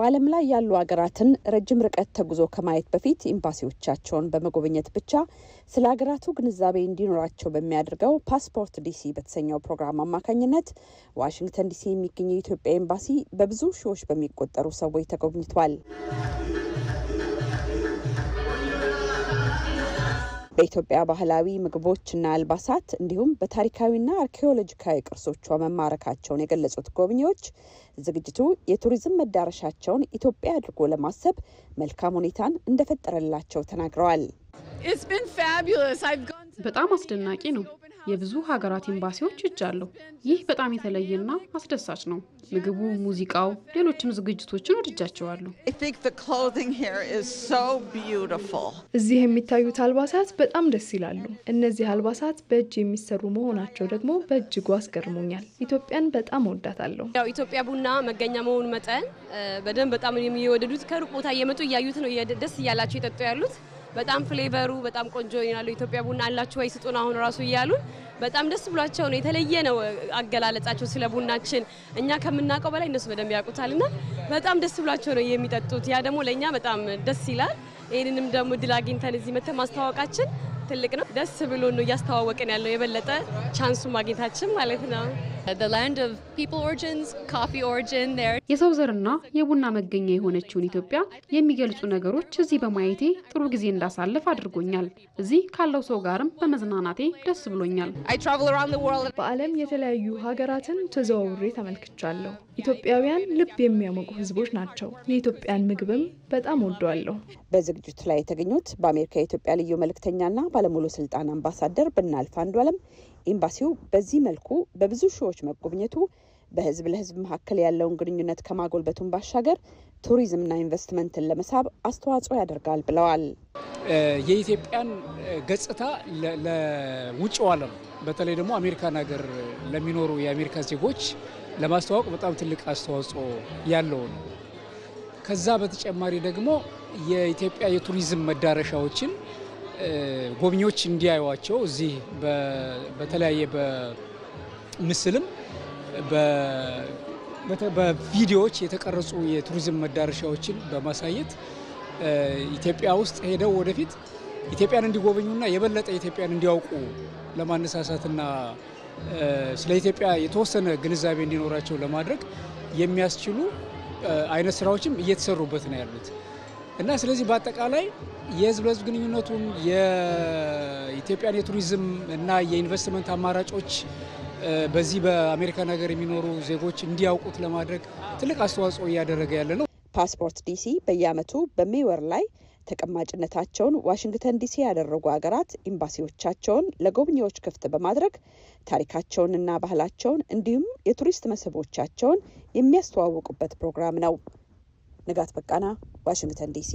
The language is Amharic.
በዓለም ላይ ያሉ ሀገራትን ረጅም ርቀት ተጉዞ ከማየት በፊት ኤምባሲዎቻቸውን በመጎብኘት ብቻ ስለ ሀገራቱ ግንዛቤ እንዲኖራቸው በሚያደርገው ፓስፖርት ዲሲ በተሰኘው ፕሮግራም አማካኝነት ዋሽንግተን ዲሲ የሚገኘው የኢትዮጵያ ኤምባሲ በብዙ ሺዎች በሚቆጠሩ ሰዎች ተጎብኝቷል። በኢትዮጵያ ባህላዊ ምግቦችና አልባሳት እንዲሁም በታሪካዊና አርኪኦሎጂካዊ ቅርሶቿ መማረካቸውን የገለጹት ጎብኚዎች ዝግጅቱ የቱሪዝም መዳረሻቸውን ኢትዮጵያ አድርጎ ለማሰብ መልካም ሁኔታን እንደፈጠረላቸው ተናግረዋል። በጣም አስደናቂ ነው። የብዙ ሀገራት ኤምባሲዎች እጅ አለው። ይህ በጣም የተለየና አስደሳች ነው። ምግቡ፣ ሙዚቃው፣ ሌሎችም ዝግጅቶችን ወድጃቸዋለሁ። እዚህ የሚታዩት አልባሳት በጣም ደስ ይላሉ። እነዚህ አልባሳት በእጅ የሚሰሩ መሆናቸው ደግሞ በእጅጉ አስገርሞኛል። ኢትዮጵያን በጣም ወዳታለሁ። ያው ኢትዮጵያ ቡና መገኛ መሆኑ መጠን በደንብ በጣም የሚወደዱት ከሩቅ ቦታ እየመጡ እያዩት ነው ደስ እያላቸው የጠጡ ያሉት በጣም ፍሌቨሩ በጣም ቆንጆ ይናሉ። ኢትዮጵያ ቡና አላችሁ ወይ ስጡን አሁን ራሱ እያሉን በጣም ደስ ብሏቸው ነው። የተለየ ነው አገላለጻቸው ስለ ቡናችን እኛ ከምናውቀው በላይ እነሱ በደንብ ያውቁታልና በጣም ደስ ብሏቸው ነው የሚጠጡት። ያ ደግሞ ለእኛ በጣም ደስ ይላል። ይህንንም ደግሞ ድል አግኝተን እዚህ ማስተዋወቃችን ትልቅ ነው። ደስ ብሎ ነው እያስተዋወቀን ያለው የበለጠ ቻንሱ ማግኘታችን ማለት ነው። የሰው ዘርና የቡና መገኛ የሆነችውን ኢትዮጵያ የሚገልጹ ነገሮች እዚህ በማየቴ ጥሩ ጊዜ እንዳሳልፍ አድርጎኛል። እዚህ ካለው ሰው ጋርም በመዝናናቴ ደስ ብሎኛል። በዓለም የተለያዩ ሀገራትን ተዘዋውሬ ተመልክቻለሁ። ኢትዮጵያውያን ልብ የሚያሞቁ ሕዝቦች ናቸው። የኢትዮጵያን ምግብም በጣም ወደዋለሁ። በዝግጅቱ ላይ የተገኙት በአሜሪካ የኢትዮጵያ ልዩ መልእክተኛና ባለሙሉ ስልጣን አምባሳደር ብናልፍ አንዷለም ኤምባሲው በዚህ መልኩ በብዙ ሺዎች መጎብኘቱ በህዝብ ለህዝብ መካከል ያለውን ግንኙነት ከማጎልበቱን ባሻገር ቱሪዝምና ኢንቨስትመንትን ለመሳብ አስተዋጽኦ ያደርጋል ብለዋል። የኢትዮጵያን ገጽታ ለውጭው ዓለም በተለይ ደግሞ አሜሪካን ሀገር ለሚኖሩ የአሜሪካ ዜጎች ለማስተዋወቅ በጣም ትልቅ አስተዋጽኦ ያለው ነው። ከዛ በተጨማሪ ደግሞ የኢትዮጵያ የቱሪዝም መዳረሻዎችን ጎብኚዎች እንዲያዩቸው እዚህ በተለያየ በምስልም በቪዲዮዎች የተቀረጹ የቱሪዝም መዳረሻዎችን በማሳየት ኢትዮጵያ ውስጥ ሄደው ወደፊት ኢትዮጵያን እንዲጎበኙና የበለጠ ኢትዮጵያን እንዲያውቁ ለማነሳሳትና ስለ ኢትዮጵያ የተወሰነ ግንዛቤ እንዲኖራቸው ለማድረግ የሚያስችሉ አይነት ስራዎችም እየተሰሩበት ነው ያሉት። እና ስለዚህ በአጠቃላይ የህዝብ ለህዝብ ግንኙነቱን የኢትዮጵያን የቱሪዝም እና የኢንቨስትመንት አማራጮች በዚህ በአሜሪካ ነገር የሚኖሩ ዜጎች እንዲያውቁት ለማድረግ ትልቅ አስተዋጽኦ እያደረገ ያለ ነው። ፓስፖርት ዲሲ በየዓመቱ በሜይ ወር ላይ ተቀማጭነታቸውን ዋሽንግተን ዲሲ ያደረጉ ሀገራት ኤምባሲዎቻቸውን ለጎብኚዎች ክፍት በማድረግ ታሪካቸውንና ባህላቸውን እንዲሁም የቱሪስት መስህቦቻቸውን የሚያስተዋውቁበት ፕሮግራም ነው። ንጋት በቃና ዋሽንግተን ዲሲ